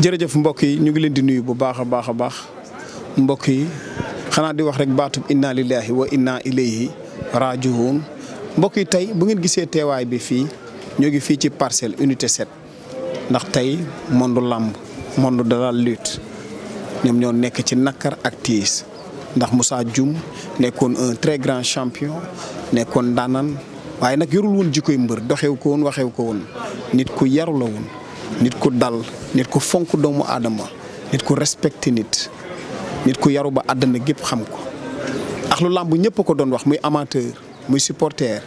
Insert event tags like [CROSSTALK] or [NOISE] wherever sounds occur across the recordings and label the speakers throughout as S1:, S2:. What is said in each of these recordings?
S1: jërëjëf mbokk yi ñu ngi leen di nuyu bu baax a baax a baax mbokk yi xanaa di wax rek baatub inna lillahi wa inna ilayhi rajiun mbokk yi tey bu ngeen gisee teewaay bi fii ñoo ngi fii ci parcelle unité set ndax tey monde làmb monde de la ñoom ñoo nekk ci nakar ak tiis ndax Moussa jum nekkoon un très grand champion nekkoon daanan waaye nag yorul woon jikkoy mbër doxew ko woon waxew ko woon nit ku yaru woon nit ku dal nit ku fonk doomu aadama nit ku respecté nit nit ku yaru ba àddana gépp xam ko ax lu làmb ñëpp ko doon wax muy amateur muy supporter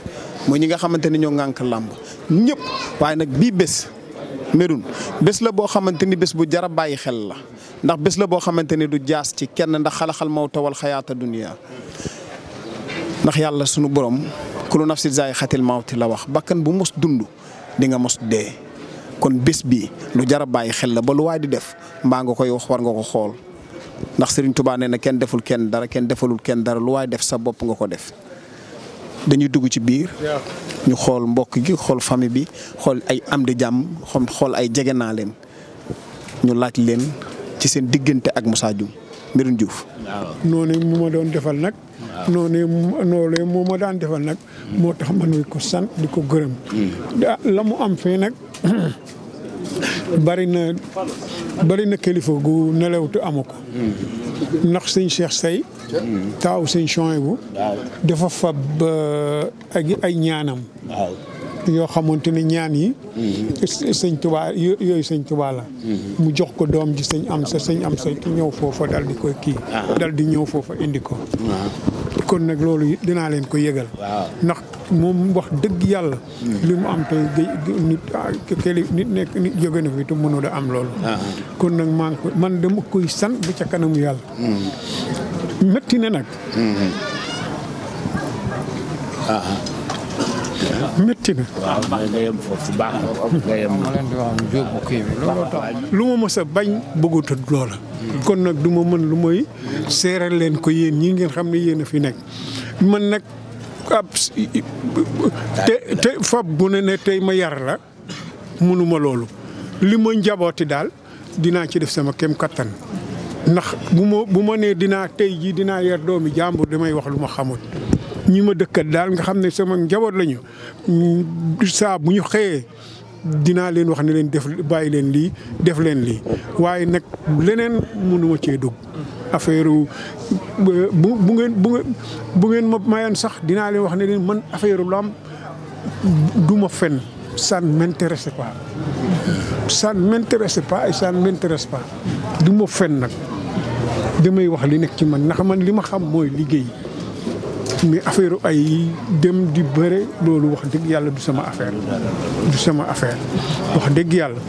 S1: muy ñi nga xamante ni ñoo ŋànk làmb ñëpp waaye nag bii bés Médoune bés la boo xamante ni bés bu jara bàyyi xel la ndax bés la boo xamante ni du jaas ci kenn ndax xalaxal mawta wal xayaata dunia ndax yàlla sunu borom kulu si zaay xatil mawti la wax bakkan bu mos dund di nga mos dee kon bés bi lu jar a bàyyi xel la ba lu waay di def mbaa nga koy wax war nga ko xool ndax Serigne Touba nee na kenn deful kenn dara kenn defalul kenn dara lu waay def sa bopp nga ko def. dañuy dugg ci biir ñu xool mbokk gi xool famille bi xool ay am di jàmm xool ay jege naa leen ñu laaj leen ci seen diggante ak Moussa Dioum Mbirun Diouf. waaw
S2: noonu mu ma doon defal nag. waaw noonu moo daan defal nag. Mm. moo tax man wi ko sant di ko gërëm. Mm. Ah, la mu am fii nag. [COUGHS] bari na bari kilifa gu nelewtu amu ko ndax sëñ Cheikh Seye taaw sëñ Chouaïbou dafa fab euh, ay ñaanam yoo xamante ne ñaan yi. Mm-hmm. sëñ Tuubaa yooyu sëñ Tuubaa la. Mm-hmm. mu jox ko doom ji sëñ am sa sëñ am sa ñëw foofa dal di koy kii. dal di ñëw foofa indi ko. kon nag loolu dinaa leen ko yëgal. ndax moom wax dëgg yàlla. Mm-hmm. li mu am tey ah, nit nekk nit jóge na fi te mënoo am loolu. kon nag maa ngi man dama koy sant bu ca kanamu yàlla. metti na nag. métti na.
S3: waaw nga yem foofu baax nga yem. lu ma mës bañ
S2: bëgguta loola. kon nag du ma mën lu mooy seeral leen ko yéen ñi ngeen xam ne yéen a fi nekk man nag ab te te fab bu ne ne tey ma yar la mënuma loolu li ma njabooti daal dinaa ci def sama kem kattan. ndax bu ma bu ma nee dinaa tey jii dinaa yar doomi jàmbur may wax lu ma xamut. ñi ma dëkkat daal nga xam ne sama njaboot lañu saa bu ñu xëyee dinaa leen wax ne leen def bàyyi leen lii def leen lii waaye nag leneen mënuma cee dugg. affaire bu ngeen bu ngeen ma mayoon sax dinaa leen wax ne leen man affaire lam du fen ça ne m'intéresse pas ça ne m'intéresse pas fen nag damay wax li nekk ci man ndax man li ma xam mooy liggéey. mais affaire ay dem di bëre loolu wax dëgg yàlla du sama affaire du sama
S3: affaire wax dëgg yàlla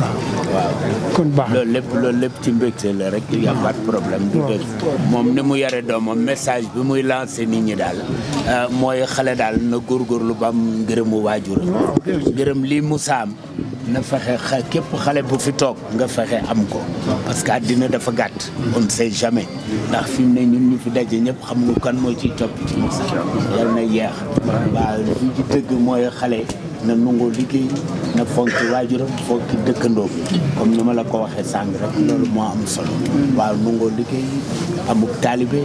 S3: waaw waaw kon baax loolu lépp loolu lépp ci mbégte la rek il y a pas de problème du dëgg moom ni mu yare doomam message bi muy lancé nit ñi daal euh, mooy xale daal na góorgóorlu ba am ngërëmu waajur ngërëm lii mu saam na fexe képp xale bu fi toog nga fexe am ko parce que àddina dafa gàtt on se sait ndax fi mu ne ñun ñu fi daje ñëpp xam nga kan mooy ciy topp ci Moussa yal na yeex waaw li dëgg mooy xale na nangoo liggéey na fonk waajuram fonk dëkkandoo bi comme ni ma la ko waxee sàng rek loolu moo am solo waaw nangoo liggéey amub taalibe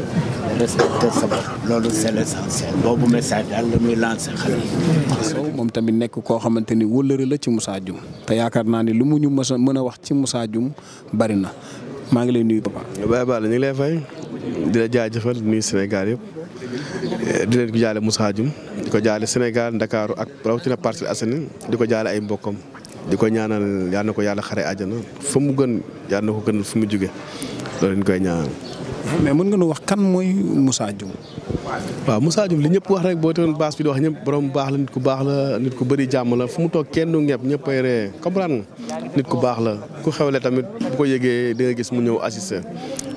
S3: respecter sa bopp loolu c'est l'essentiel boobu message daal la muy lancer xale yi moom tamit nekk
S1: koo xamante ni wëllëre la ci Moussa Dioum te yaakaar naa ni lu mu ñu mës mën a wax ci Moussa Dioum bari
S4: na maa ngi leen nuyu papa. Baye Balla ñu ngi lay fay di la jaajëfal nuyu Sénégal yëpp. di leen ko jaale Moussa Dioum di ko jaale Sénégal Ndakaaru ak rawatina Parcelles Assainies di ko jaale ay mbokkam di ko ñaanal yal na ko yàlla xare àjjana fa mu gën yal na ko gënal fu mu jóge loolu lañ koy ñaanal. mais mën nga nu wax kan mooy Moussa Dioum. waaw Moussa Dioum li ñëpp wax rek boo teewoon baas bi di wax ñëpp borom baax la nit ku baax la nit ku bëri jàmm la fu mu toog kenn du ñëpp ñëpp ay ree comprendre nit ku baax la ku xewle tamit bu ko yëgee di gis mu ñëw assister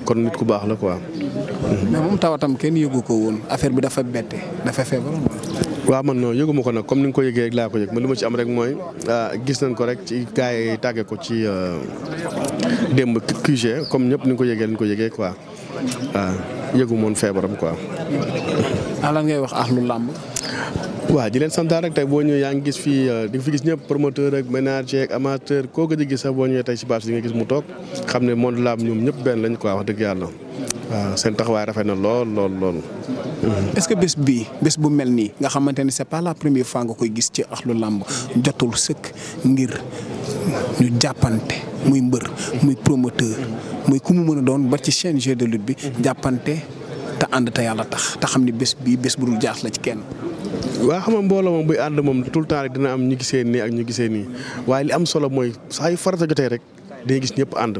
S4: kon nit ku baax la quoi. mais moom tawatam kenn yëgu ko woon affaire bi dafa bette dafa feebaroon. waaw man non yëgu ma ko nag comme ni nga ko yëgee rek laa ko yëg man li ma mooy ah, gis nañ ko rek ci gars tàggee ko ci euh, démb QG comme ñëpp ni nga ko yëgee ko yëgee quoi waaw ah, yëgu moon feebaram quoi. Ah, lan ngay wax ahlu làmb. waaw di leen santaar rek tey boo ñu yaa ngi gis fi euh, di fi gis ñëpp promoteur ak ménager ak amateur koo gëj a gis sax boo ñëwee tey si bâche di nga gis mu toog xam ne monde laam ñoom ñëpp benn lañ ko wax dëgg yàlla. waaw seen taxawaay rafet na lool lool lool.
S1: est-ce que bés bii bés bu mel nii
S4: nga xamante ni c'est pas la première fois nga koy gis ci axlu
S1: làmb jotul sëkk ngir ñu jàppante muy mbër muy promoteur muy ku mu mën a doon ba ci chaîne jeu de lutte bi jàppante te ànd te yàlla tax
S4: te xam ne bés bii bés bu dul jaas la ci kenn. waa xam nga mbooloo moom buy ànd moom tout le temps rek dina am ñu gisee nii ak ñu gisee nii waaye li am solo mooy saa yu farata jotee rek dañuy ñëpp ànd.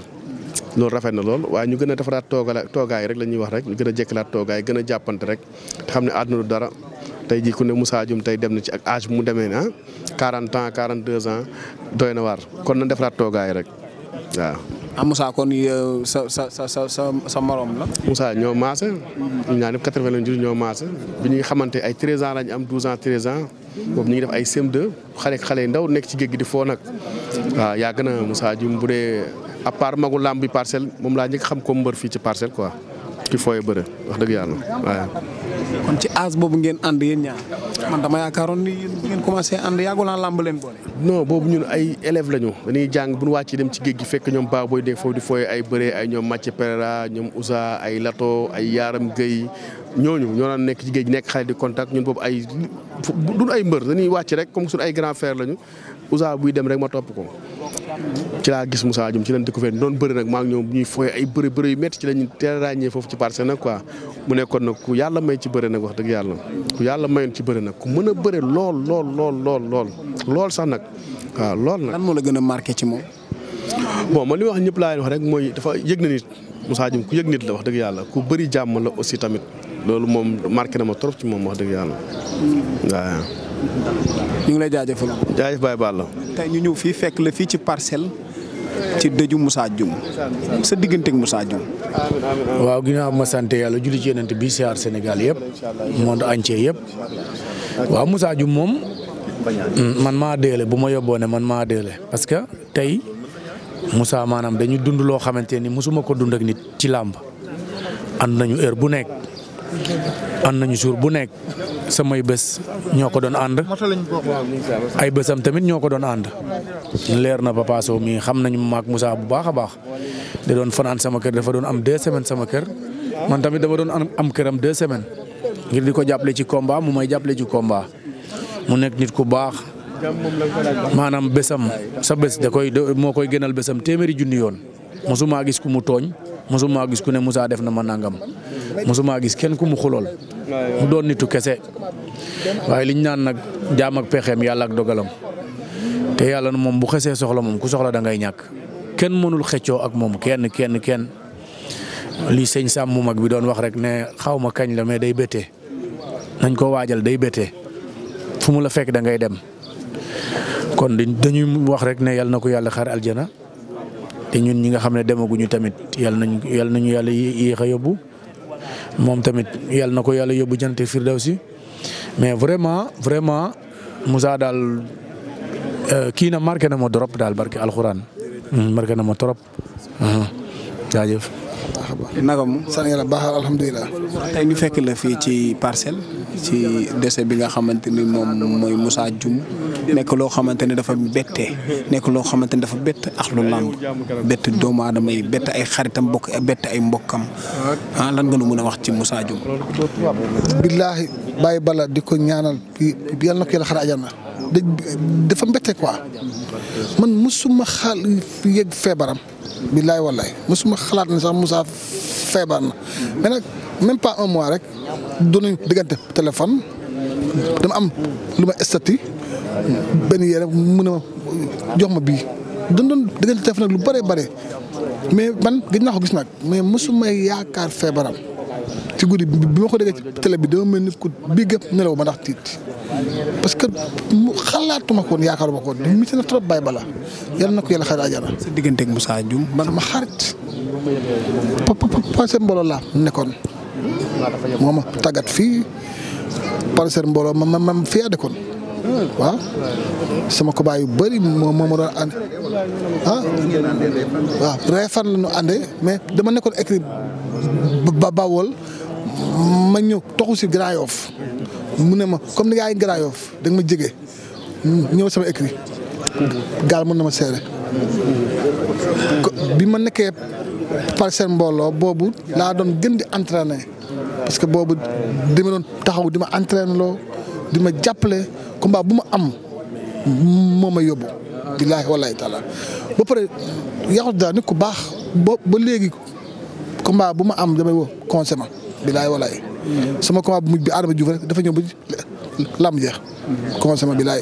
S4: loolu rafet na lool waaye ñu gën a defaraat toogaay toogaay rek la ñuy wax rek ñu gën a jekkalaat toogaay gën a jàppante rek xam ne àdduna du dara tey jii ku ne Moussa Dioum tey dem na ci ak âge mu demee na ah 40 ans 42 ans doy na waar kon na defaraat toogaay rek. waaw. ah Moussa kon euh, sa sa sa sa sa morom la. Moussa ñoo maase. ñu naan def quatre-vingt lañ jur ñoo maase. bu ñuy xamante ay treize ans lañ am douze ans treize ans. boobu ñu ngi def ay CM2 xale xale ndaw nekk ci géeg gi di foo nag. waaw yàgg na musaa Dioum bu dee à part magu bi parcelle moom laa njëkk xam ko mbër fii ci parcelle ko ki fooy bëre wax dëgg yàlla waaw. kon ci âge boobu ngeen ànd yéen ñaar man dama yaakaaroon ni ngeen commencé ànd yaa naa làmb leen boole. non boobu ñun ay élèves lañu dañuy jàng bu ñu wàccee dem ci géej gi fekk ñoom baa booy dee foofu di fooy ay bëre ay ñoom Mathieu Pereira ñoom Ousa ay Lato ay Yaram Gueye ñooñu ñoo daan nekk ci géej gi nekk xale di contact ñun boobu ay duñ ay mbër dañuy wàcc rek comme suñu ay grand frère lañu Ousa buy dem rek ma topp ko. ci laa gis Moussa Dioum ci lañ découvert doon bëri nag maa ngi ñoom ñuy foyee ay bëri bëri yu métti ci lañu teel ràññee foofu ci parcelle nag quoi mu nekkoon nag ku yàlla may ci bari nag wax dëgg yàlla ku yàlla mayoon ci bëri nag ku mën a bëri lool lool lool lool lool lool sax nag waaw lool nag. lan moo la gën a marqué ci moom. bon ma li wax ñëpp laa wax rek mooy dafa yëg na nit Moussa Dioum ku yëg nit la wax dëgg yàlla ku bari jàmm la aussi tamit loolu moom marqué na ma trop ci moom wax dëgg yàlla waaw. ñu ngi lay jaajëfal.
S5: jaajëf Baye Balla.
S1: tey ñu ñëw fii fekk la fii ci parcelle ci
S4: dëju Moussa Dioum
S5: sa digganteeg Moussa Dioum. waaw ginnaaw ma sant yàlla julli ci yonent bi siyaar Sénégal yëpp monde entier yëpp waaw musaa Dioum moom mm, man maa deele bu ma yóbboo ne man maa deele parce que tey Moussa maanaam dañu dund loo xamante ni mosuma ko dund ak nit ci làmb ànd nañu heure bu nekk. ànd nañu jour bu nekk samay bés ñoo ko doon ànd ay bésam tamit ñoo ko doon ànd leer na Papa Sow xam nañu maak Moussa bu baax a baax da doon fanaan sama kër dafa doon am deux semaine sama kër man tamit dama doon am këram deux semaines ngir di ko jàppale ci combat mu may jàppale ci combat mu nekk nit ku baax maanaam bésam sa bés da koy moo koy gënal bésam téeméeri junni yoon mosuma gis ku mu tooñ mosuma gis ku ne Moussa def na ma nangam mosuma gis kenn ku mu xulool mu doon nitu kese waaye liñ naan nag jaam ak pexeem yàlla ak dogalam te yàlla na moom bu xesee soxla moom ku soxla da ngay ñàkk kenn mënul xëccoo ak moom kenn kenn kenn li sëñ Sam mu mag bi doon wax rek ne xaw ma kañ la mais day béttee nañ koo waajal day béttee fu mu la fekk da ngay dem kon dañuy wax rek ne yàlla na ko yàlla xaar aljana te ñun ñi nga xam ne demaguñu tamit yal nañu yal nañu yàlla yéex a yóbbu moom tamit yal na ko yàlla yóbbu jant jante firdawsi mais vraiment vraiment Moussa daal euh, kii na marqué na ma drop daal barke alxuraan hmm, marqué na ma trop hmm, jaajëf. nagam sant yàlla baaxal alhamdulilah. tey ñu fekk la fii ci
S1: parcelle. ci décès bi nga xamante ni moom mooy Moussa Dioum nekk loo xamante ne dafa bette nekk loo xamante ni dafa bett ax lu làmb bett doomu yi bett ay xaritam bokk bett ay mbokkam ah lan nga nu mën a wax ci Moussa Dioum.
S6: billaahi bàyyi bala di ko ñaanal yal na ko yàlla xara ajana dafa mbette quoi man musuma xaal yëg feebaram. billaay wallaay mosuma xalaat ne sax Moussa feebar na mais nag même pas un mois rek doon diggante téléphone dama am lu ma estati benn yére mu ne jox ma bii doon doon diggante téléphone nag lu bëree bëri mais man gëj naa ko gis nag mais mosuma yaakaar feebaram. si guddi bi bi ma ko déggee ci bi dama mel ni ku bii gëpp nelaw ma ndax tiit parce que mu xalaatuma ko woon yaakaaruma ko woon métti na trop Baye Balla yal na ko yàlla xaar àjjana. sa digganteeg Moussa Dioum man ma xarit parcelle mbooloo laa nekkoon moo ma tàggat fii parcelle mbooloo ma ma ma fii nekkoon waaw sama kobaay yu bëri moo ma doon ànd ah waaw reefan la ñu mais dama nekkoon écrit ba bawol ma ñëw toxu si Grand Yoff mu ne ma comme ni gaa yi Grand Yoff da nga ma jege ñëw sama écrit gaal mën na ma seere bi ma nekkee par seen mbooloo boobu laa doon gën di entraîner parce que boobu dama doon taxaw di ma entraîner loo di ma jàppale combat bu ma am moo ma yóbbu billaahi wallaahi taala ba pare Yaxu Daal nit ku baax ba ba léegi combat bu ma am damay woo conseil ma bilaay walaay. sama combat bu mujj bi Adama Diouf rek dafa ñëw ba lamb jeex. commencé ma bilaay.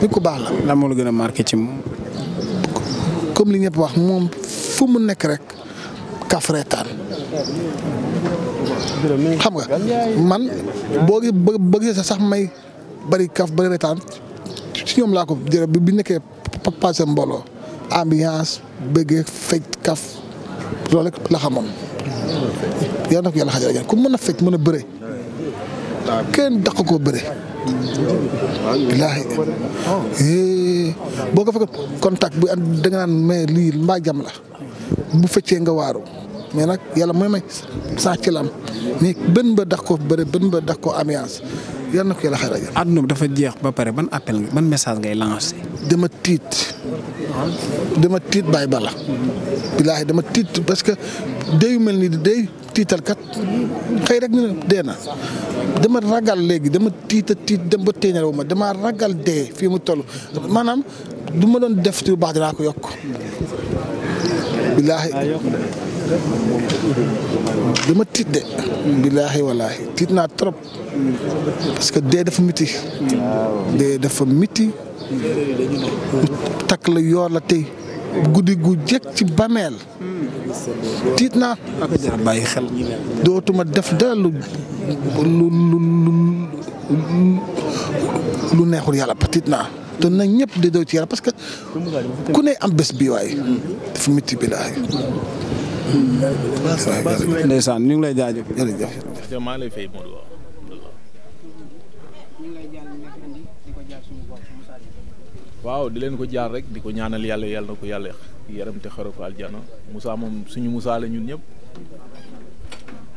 S6: nit ku baax la. lan moo la gën a marqué ci moom. comme li ñëpp wax moom fu mu nekk rek kaf reetaan xam nga man boo bëggee sax may bari kaf bari reetaan ci ñoom laa ko jëlee bi nekkee passé mbooloo ambiance bëggee fecc kaf loolu rek la xamoon. yàlla na ko yàlla xajal ku mën a fecc mën a bëre kenn daq koo bëre billaahi boo ko fekk contact bu am naan mais lii mbaa jam la bu feccee nga waaru mais nag yàlla mooy may sax ci lam mais bën ba daq koo bëre bën ba daq koo ambiance yal na ko yàlla xayma jàll. àdduna bi dafa jeex ba pare ban appel nga ban message ngay lancé. dama tiit dama tiit bàyyi bala. bilaahi dama tiit parce que day mel ni day tiital kat xëy rek ñu dee na dama ragal léegi dama tiita tiit dem ba téeméer ma dama ragal dee fii mu toll maanaam du ma doon def ci baax dinaa ko yokk bilaahi. dama tiit de. billaahi walaahi tiit naa trop. parce que dee dafa miti. dee dafa miti. takk la yoor la tey. guddi gu jëkk ci bameel. tiit naa. dootuma def dara lu lu lu neexul yàlla ba tiit naa. te nag ñëpp de daw ci yàlla parce que ku ne am bés bi waay dafa miti billaahi ndeysaan ñu ngi lay jaajëf jërëjëf
S7: maa lay fay Modou waaw di leen ko jaar rek di ko ñaanal yàlla yàlla ko yàlla yaram te xara ko aljana Moussa moom suñu Moussa la ñun ñëpp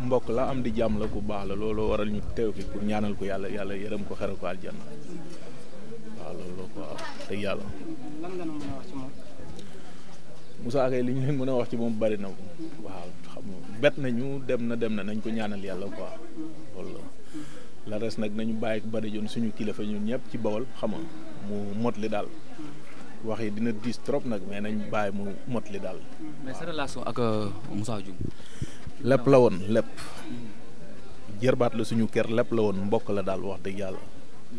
S7: mbokk la am di jàmm la ku baax la looloo waral ñu teew fi pour ñaanal ko yàlla yàlla yaram ko xara ko aljana waaw loolu ko waaw te yàlla Moussa Gueye li ñu leen mën a wax ci moom bari na waaw xam nga bet nañu dem na dem na nañ ko ñaanal yàlla quoi loolu la res nag nañu bàyyi bari joon suñu kilifa ñun ñëpp ci bawol xam nga mu mot li daal wax yi dina diis trop nag mais nañ bàyyi mu mot li daal.
S4: mais ak
S7: euh, Moussa Dioum. lépp la woon lépp. jërbaat la suñu kër lépp la woon mbokk la daal wax dëgg yàlla.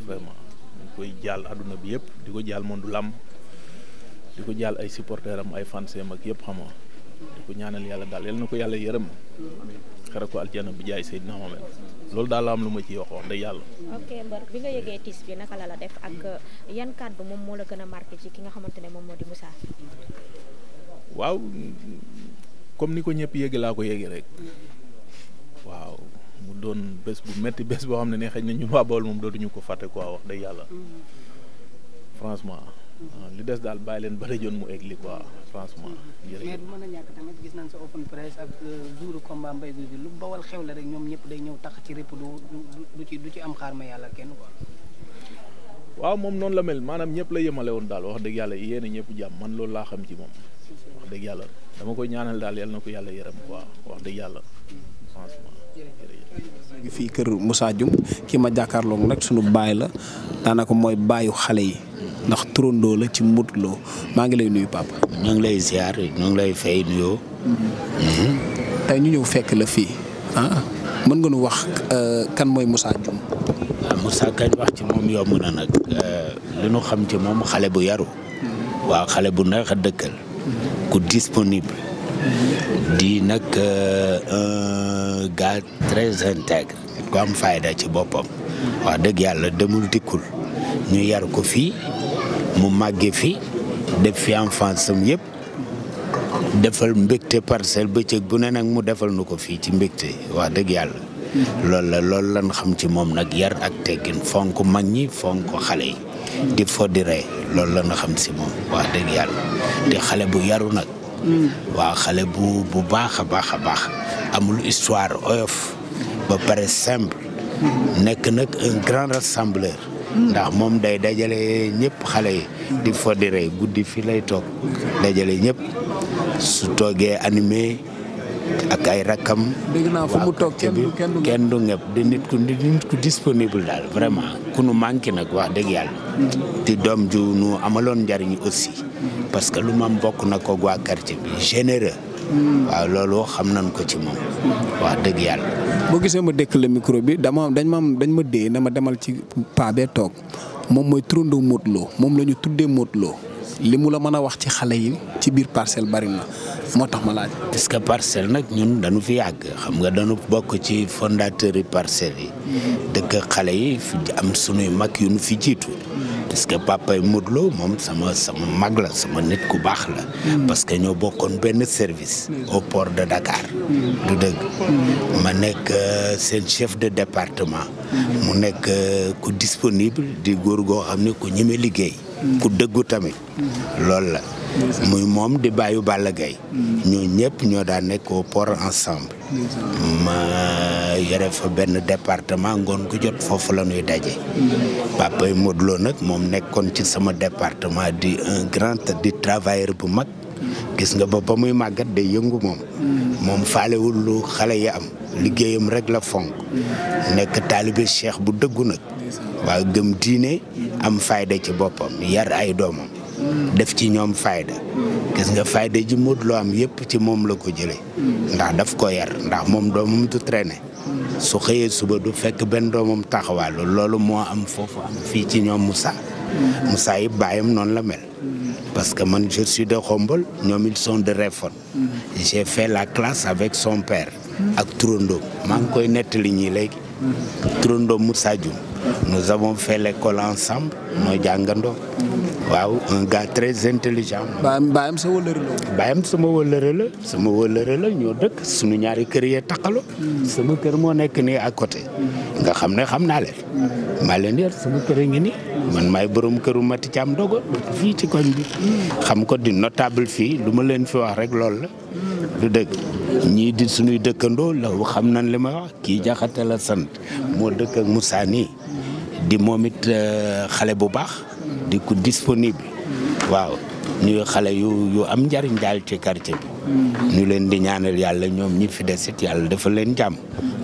S7: vraiment koy jaal àdduna bi yëpp di ko jaal moom du làmm di ko jàll ay supporteurs am ay fans am ak yëpp xamoo di ko ñaanal yàlla daal yal na ko yàlla yërëm xere ko aljana bi jaay Seydina Mohamed loolu daal la am lu ma ci wax wax dëgg yàlla.
S2: ok yan kàddu moom moo la gën ki nga xamante ne moom moo di
S7: comme ni ko ñëpp yëgee laa ko yëgee rek waaw mu doon bés bu metti bés boo xam ne ne xëy na ñu waa moom dootuñu ko fàtte quoi wax dëgg yàlla mm-hmm. Ah, li des daal bàyyi leen ba rajoon mu egg li quoi franchement. jërëjëf
S6: mais gis nañ
S1: sa open press ak euh, xew la rek ñoom ñëpp day ñëw tax ci rëpp du ci du ci am xaar yàlla kenn
S7: waaw moom noonu la mel maanaam ñëpp la yemale daal wax dëgg yàlla yéen a ñëpp jàmm man loolu laa xam ci moom. wax dëgg yàlla dama koy ñaanal daal yal na ko yàlla yaram quoi wax dëgg yàlla.
S1: fii kër Moussa Dioum ki ma jàkkaarloog nag sunu baay la daanaka mooy baayu xale yi. ndax turandoo la ci Modou maa ngi lay nuyu papa. ñu ngi lay ziar ñu ngi lay fay nuyoo. Mhm. tey ñu ñëw fekk la fii ah. mën nga nu wax euh, kan mooy
S3: Moussa Dioum. Euh, kañ wax ci moom yomb na nag euh, li ñu xam ci moom xale bu yaru. Mhm. waaw xale bu neex a dëkkal. Mhm. ku disponible. di nag un gars très intègre. ku am fayda ci boppam. wax dëgg yàlla demul dikkul ñu yar ko fii mu màggee fi def fi enfance am yëpp defal mbégte parcelle bëccëg bu ne nag mu defal nu ko fii ci mbégte wax dëgg yàlla. loolu la lool lan xam ci moom nag yar ak teggin fonk mag ñi fonk xale yi. di foddi ree loolu lan xam si moom wax dëgg yàlla di xale bu yaru nag. waa xale bu bu baax a baax a baax amul histoire oyof ba pare simple. nekk nag un grand rassembleur. Mm. ndax moom day dajale ñëpp xale yi. di fodere guddi fi lay toog. dajale ñëpp su toogee animé ak ay rakkam. dégg naa fu mu toog kenn du kenn du di nit ku disponible daal vraiment ku nu manqué nag wax dëgg yàlla. di doom ju nu amaloon njariñ aussi. Mm. parce que lu ma bokk na ko waa quartier bi généreux. waaw loolu xam nañ ko ci moom wax dëgg yàlla. boo gisee ma dëkk la micro bi dama dañ
S1: ma dañ ma dee na ma demal ci paa toog moom mooy turandoo Modou moom la ñu tuddee
S3: Modou li mu la mën a wax ci xale yi ci biir parcelle bari na moo tax ma laaj. parce que parcelle nag ñun dañu fi yàgg xam nga dañu bokk ci fondateur yi parcelles yi. Mm-hmm. dëkk xale yi am sunuy mag yu nu fi jiitu. parce que papay Modou moom sama sama mag la sama nit ku baax la. Mm. parce que ñoo bokkoon benn service. Mm. au de Dakar. Mm. du dëgg. ma nekk euh, seen chef de département. mu nekk euh, ku disponible di góor goo xam ne ku ñeme liggéey. ku dëggu tamit. loolu la. muy moom di bàyyu Balla Gaye ñoo ñëpp ñoo daan nekk au port ensemble. ma yore fa benn département ngoon gu jot foofu la ñuy daje. papay Modou Lo nag moom nekkoon ci sama département di un grand di bu mag. gis nga ba ba muy màggat day yëngu moom. moom faalewul lu xale yi am. liggéeyam rek la fonk. nekk taalibe cheikh bu dëggu nag. waa gëm diine. am fayda ci boppam yar ay doomam. def ci ñoom fayda gis nga fayda ji Modou Lo am yëpp ci moom la ko jëlee ndax daf ko yar ndax moom doomam du traîner su xëyee suba du fekk benn doomam taxawaalu loolu moo am foofu am fii ci ñoom Moussa Moussa yi baayam noonu la mel parce que man je suis de Khombol ñoom ils sont de Réfon j'ai fait la classe avec son père ak turandoom maa ngi koy nettali ñii léegi turandoom Moussa Dioum nous avons fait l'école ensemble noo jàngandoo waaw un gars très intelligent. baayam sama wëllëre la sama wëllëre la ñoo dëkk suñu ñaari kër yee taxalo sama kër moo nekk nii à côté. nga xam ne xam naa leen. maa leen yar sama kër a ngi nii. man maay borom këru Mati cam Dogo fii ci koñ bi. xam ko di notable fii lu ma leen fi wax rek loolu la. du dëkk ñii di sunuy dëkkandoo la xam nañ li ma wax kii jaxate la moo dëkk ak Moussa nii di moom it euh, xale bu baax di ku disponible waaw ñuy xale yu yu am njariñ daal ci quartier bi
S4: mm-hmm. ñu
S3: leen di ñaanal yàlla ñoom ñi fi desit yàlla dafa leen jàmm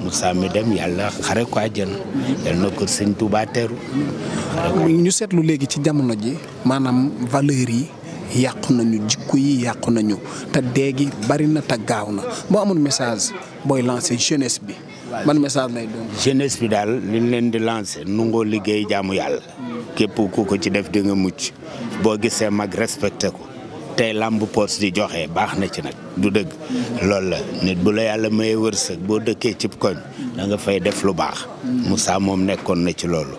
S3: Moussa mi dem yàlla xare ko àjjana yàlla na ko sëñ Tuubaa
S1: ñu seetlu léegi ci jamono ji maanaam valeur yi yàqu nañu jikko yi yàqu nañu te dee gi bari na te gaaw na boo amoon message booy lancé jeunesse bi man message lay
S3: doon. bi daal li leen di lancer nungoo liggéey jaamu yàlla. képp ku ko ci def di nga mucc. boo gisee mag respecté ko. tey làmb poos di joxe baax na ci nag du dëgg. loolu la nit bu la yàlla mayee wërsëg boo dëkkee cib koñ. da nga fay def lu baax. Moussa moom nekkoon na ci loolu.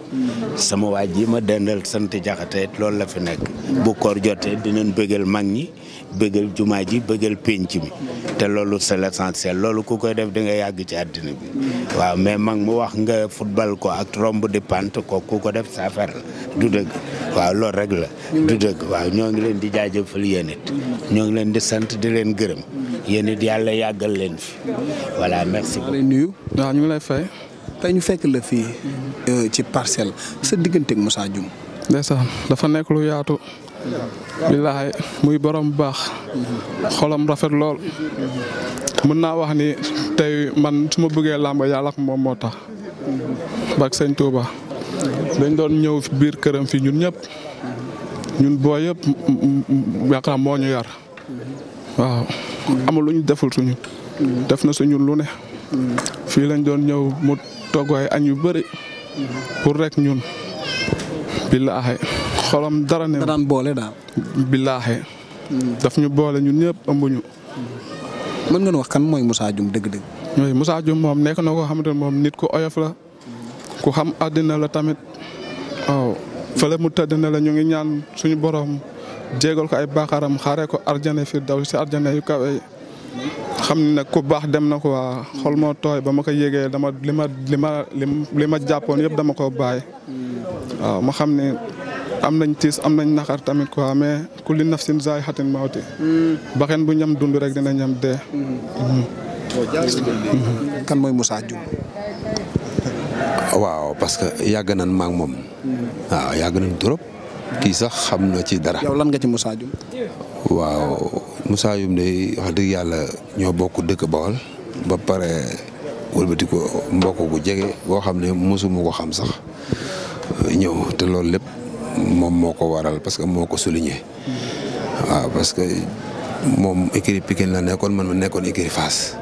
S3: sama waa ji ma dendal sant jaxate loolu la fi nekk. bu koor jotee dinañ bëggal mag ñi. bëggal jumaa ji bëggal pénc mi te loolu c'est l'essentiel loolu ku koy def di nga yàgg ci àddina bi waaw mais mag mu wax nga football ko ak trombe de pente ko ku ko def sa la du dëgg waaw loolu rek la du dëgg waaw ñoo ngi leen di jaajëfal yéen it ñoo ngi leen di sant di leen gërëm yéen it yàlla yàggal leen fi voilà merci beaucoup waaw ñu ngi lay fay tey ñu fekk la fii
S1: euh, ci parcelle sa diggante ak Moussa
S8: ndeysaan dafa nekk lu yaatu. billaay muy borom bu baax. xolam rafet lool. mën naa wax ni tey man suma ma bëggee làmb yàlla moom moo tax. bak sëñ Touba. dañ doon ñëw biir këram fi ñun ñëpp. ñun boo yëpp yaakaar moo ñu yar. waaw amul lu deful suñu. def na suñu lu ne. fii lañ doon ñëw mu togg ay añ yu bari pour rekk ñun. billaahi xolam dara ne. daan boole daal. billaahi. daf ñu boole ñun ñëpp ëmbuñu. mën ngeen wax kan mooy Moussa Dioum dëgg-dëgg. mooy Moussa moom nekk na koo xamante ne moom nit ku oyof la. ku xam àddina la tamit. waaw fële mu la ñu ngi ñaan suñu borom jégal ko ay baaxaram xaaree ko arjane fii daw si arjane yu kawe xam ne nag ku baax dem na ko waa xol moo tooy ba ma ko yégee dama li ma li ma li ma jàppoon yëpp dama ko bàyyi waaw ma xam ne am nañ tiis am nañ naqar tamit quoi mais ku li nafsin zaay xatin mawti mm. baxeen bu ñam dund rek dina ñam dee
S4: mm.
S8: kan mooy Moussa Dioum
S9: waaw parce que yàgg nañ maak moom mm. waaw yàgg nañ trop kii sax xam na ci dara nga ci Moussa Dioum waaw Moussa Youm day wax dëgg yàlla ñoo bokk dëkk Bawol ba pare wëlbati mbokk bu jege boo xam ne mosuma ko xam sax euh, ñëw te loolu lépp moom moo ko waral parce que moo ko souligné waaw parce que moom écurie Pikine la nekkoon man ma nekkoon écurie Fass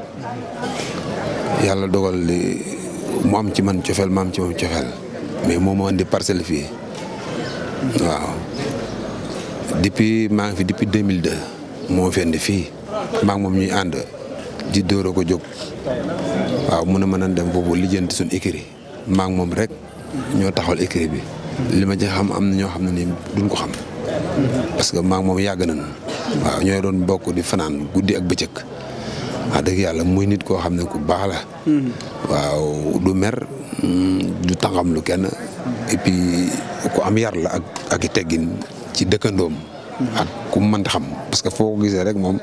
S9: yàlla dogal li mu ci man cofeel ma am ci moom moo ma parcelle fii waaw depuis maa ngi fi depuis 2002. moo fenn fii maa ngi moom ñuy ànd di dóora ko jóg waaw mun a mën a dem foofu lijjanti sun écrit maa moom rek ñoo taxawal écrit bi. li ma ci xam am na ñoo xam ne ni duñ ko xam. parce que maa moom yàgg nañu. waaw ñoo doon bokk di fanaan guddi ak bëccëg. wax dëgg yàlla muy nit koo xam ne ku baax la. waaw du mer du tànqam lu kenn. et puis am yar la ak ak i teggin ci dëkkandoom. ak ku mu mënta xam parce que foo gisee rek moom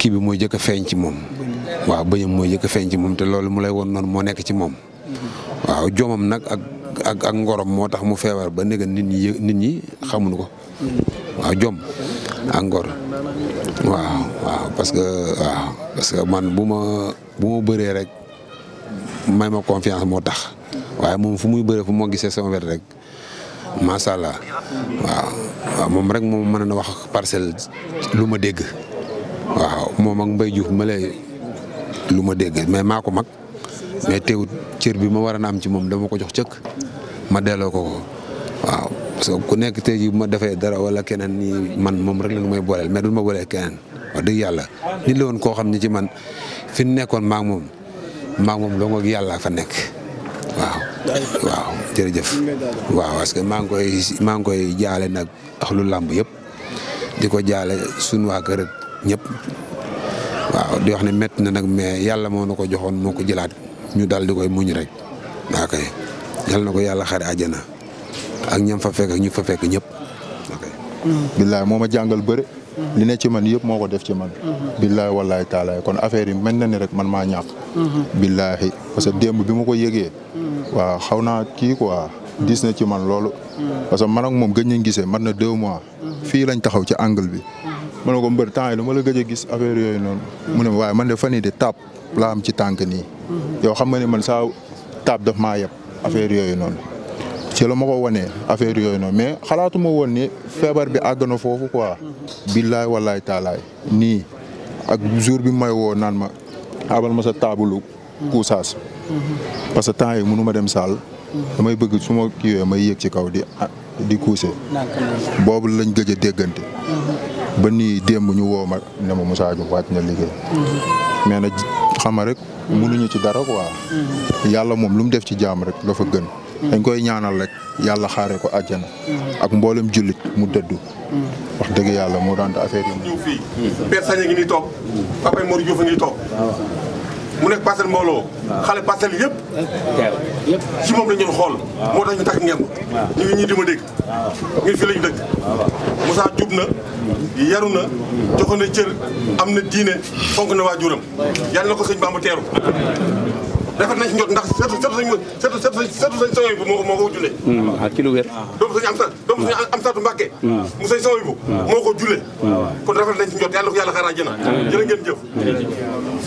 S9: kii bi mooy jëkk a feeñ ci moom. waaw bëñam mooy jëkk a ci moom te loolu mu lay woon noonu moo nekk ci moom. waaw joomam nag ak ak ak ngorom moo tax mu feebar ba nekk nit ñi nit ñi xamuñu ko. waaw jom ngor. waaw waaw parce que waaw parce que man bu ma bu ma bëree rek may ma confiance moo tax. waaye moom fu muy bëree fu ma gisee sama rek macha allah waaw moom rek moom mën na wax parcelle lu ma dégg waaw moom ak mbay Diouf ma lay lu ma dégg mais maa mag mais teewut ciir bi ma war a am ci moom dama ko jox cëkk ma delloo ko waaw parce ku nekk tey jii bu ma defee dara wala keneen nii man moom rek la may booleel mais du ma booleel keneen wax dëgg yàlla nit la woon koo xam ni ci man fi nekkoon maa moom maa ngi moom dong ak yàlla fa nekk. waaw jërëjëf waaw parce que maa ngi koy maa ngi koy jaale nag axlu làmb yëpp di ko jaale suñu waa kër ñëpp waaw di wax ne métti na nag mais yàlla moo na ko joxoon moo ko jëlaat ñu dal di koy muñ rek daa koy yal na ko yàlla xare àjjana ak ñam fa fekk ñu fa fekk ñëpp.
S10: billaay moo ma jàngal bëre. li ne ci man yëpp moo ko def ci man. Mhm. billaahi wallaahi taalaay kon affaire yi mel na ni rek man maa ñàkk. Mhm. billaahi parce que démb bi ma ko yëgee. Mhm. waaw xaw naa kii quoi. diis na ci man loolu. parce que man ak moom gëj nañ gisee man na deux mois. fii lañ taxaw ci angle bi. ma ne ko mbër temps yi dama la gëj a gis affaire yooyu noonu. mu ne ma waaye man de fan yii de taab laa am ci tànk nii. yow xam nga ne man saa taab def ma yeb affaire yooyu noonu. ci la ma ko wanee affaire yooyu noonu mais xalaatuma woon ni feebar bi àgg na foofu quoi. billaay wallaay taalaay. nii ak jour bi may woo naan ma abal ma sa taabulu. kuusaas. parce que temps yi mënu ma dem saal. damay bëgg su ma may yéeg ci kaw di di kuuse. boobu lañ gëj a déggante. ba nii démb ñu woo ma ne ma Moussa Diouf na liggéey. mais nag xam rek. mënuñu ci dara quoi. yàlla moom lu mu def ci jaam rek dafa gën. dañ koy ñaanal rek yàlla xaare ko àjjana. ak mboolem jullit mu dëddu. wax dëgg yàlla mu daan affaire yi. ñëw
S7: fii Père Sagna ngi nii toog Papa Mor Diouf a ngi toog. mu nekk parcelle mbooloo. xale parcelle yëpp. yëpp ci moom la xool. moo tax ñu tax ñu
S8: ngi
S7: ñii ma dégg. ngir fii la dëkk. Moussa jub na. yaru na. joxoon na cër. am na diine fonk na waajuram. yàlla na ko sëñ Bamba teeru. rafet nañ si njot ndax seetu seetu sañ seetu seetu seetu sañ sooy bu moo moo ko jullee waaw ci lu wér doomu sañ am sa doomu sañ am saatu mbàkke mu sañ sooy
S6: bu moo ko jullee hmm, ah, ah. hmm. hmm. kon rafet nañ si njot yàlla ko yàlla xaaraa jëna jërë ngeen jëf